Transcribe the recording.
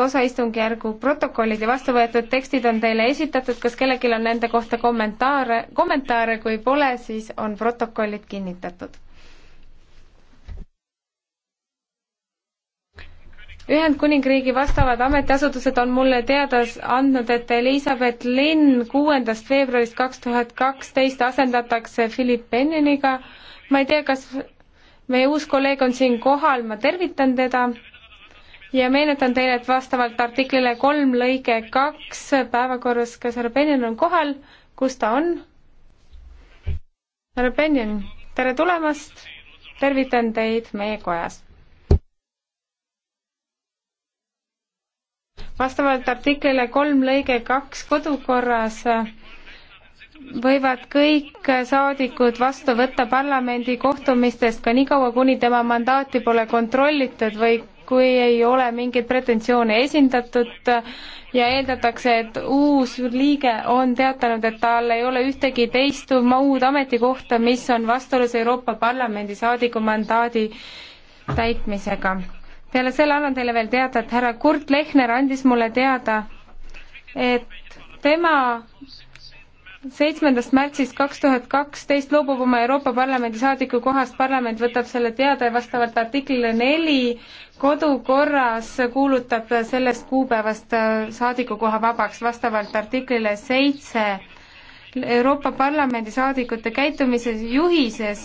osa istungjärgu protokollid ja vastu võetud tekstid on teile esitatud, kas kellelgi on nende kohta kommentaare, kommentaare, kui pole, siis on protokollid kinnitatud. Ühendkuningriigi vastavad ametiasutused on mulle teada andnud, et Elizabeth Linn kuuendast veebruarist kaks tuhat kaksteist asendatakse Philip Bennioniga. ma ei tea, kas meie uus kolleeg on siin kohal, ma tervitan teda ja meenutan teile, et vastavalt artiklile kolm lõige kaks päevakorras, kas härra Benjamin on kohal, kus ta on? härra Benjamin, tere tulemast, tervitan teid meie kojas. vastavalt artiklile kolm lõige kaks kodukorras võivad kõik saadikud vastu võtta parlamendi kohtumistest ka niikaua, kuni tema mandaati pole kontrollitud või kui ei ole mingeid pretensioone esindatud ja eeldatakse, et uus liige on teatanud, et tal ei ole ühtegi teist muud ametikohta, mis on vastuolus Euroopa Parlamendi saadiku mandaadi täitmisega. peale selle annan teile veel teada, et härra Kurt Lehner andis mulle teada, et tema seitsmendast märtsist kaks tuhat kaksteist loobub oma Euroopa Parlamendi saadiku kohast, parlament võtab selle teada ja vastavalt artiklile neli kodukorras kuulutab sellest kuupäevast saadikukoha vabaks, vastavalt artiklile seitse Euroopa Parlamendi saadikute käitumise juhises